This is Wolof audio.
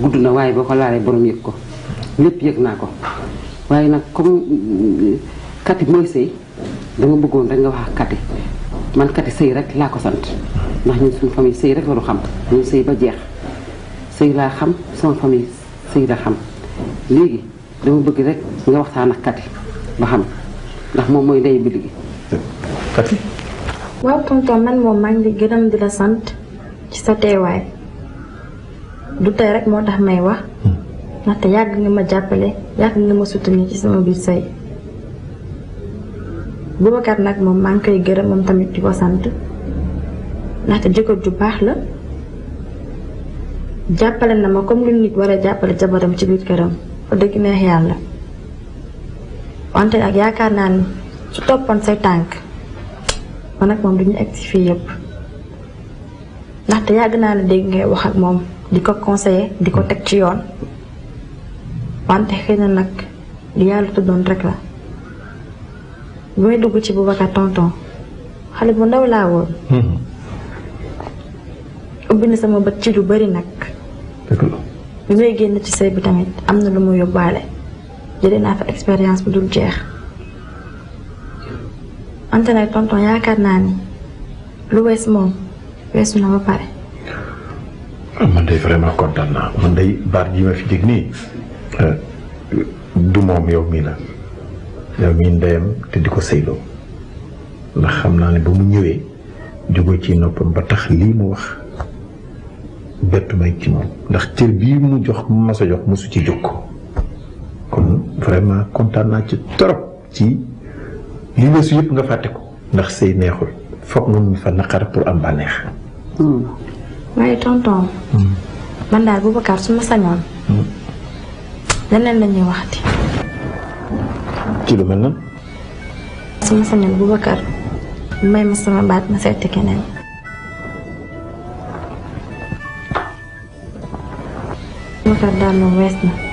gudd na waaye boo ko laalee borom yëg ko lépp yëg naa ko waaye nag comme euh, kati mooy sëy dama bëggoon rek nga wax ak kati man kati sëy rek laa ko sant ndax ñun suñ famille sëy rek la ñu xam ñun sëy ba jeex sëy laa xam sama famille sëy la xam léegi dama bëgg rek nga waxtaan ak kati ba xam ndax moom mooy ndey bi liggéey kati waaw tonton man moom maa ngi gërëm di la sant ci sa teewaay du tey rek moo tax may wax hmm. ndaxte yàgg nga ma jàppale yàgg nga ma soutenir ci sama biir sëy Boubacar nag moom maa koy gërëm tamit di ko sant ndaxte jëkkër ju baax la jàppale na ma comme lu nit war a jàppale jabaram ci biir këram fa dëgg neex yàlla wante ak yaakaar naa ni su toppoon say tànk man ak moom du ñu egg si fii yëpp ndaxte yàgg naa ne dégg ngay wax ak moom di ko conseiller di ko teg ci yoon wante xëy na nag li yàlla tuddoon rek la bu may dugg ci Boubacar tonton xale bu ndaw laa woon hmm. ubbi na sama bët ci lu bari nag bi may génn ci sëy bi tamit am na lu mu yóbbaale jële naa fa expérience bu dul jeex wante nag tonton yaakaar naa ni lu wees moom weesu na ba pare man day vraiment kontaan naa man day baat ji ma fi jig nii euh, du moom yow mii la yow mii ndeyam te di ko sëyloo ndax xam naa ne ba mu ñëwee jóge ci noppam ba tax lii mu wax bett may ci moom ndax cër bii mu jox mas a jox mosu ci jóg kon vraiment kontaan naa ci torop ci li weesu yëpp nga fàtte ko ndax sëy neexul foog nga mu fa naqar pour am bànneex hmm. waaye tonton. Mm. man daal Boubacar su ma sañoon. Mm. leneen la ñuy waxati. ci lu mel na. su ma sañoon Boubacar may ma sama baat ma seeti keneen. Boubacar daal moom wees na.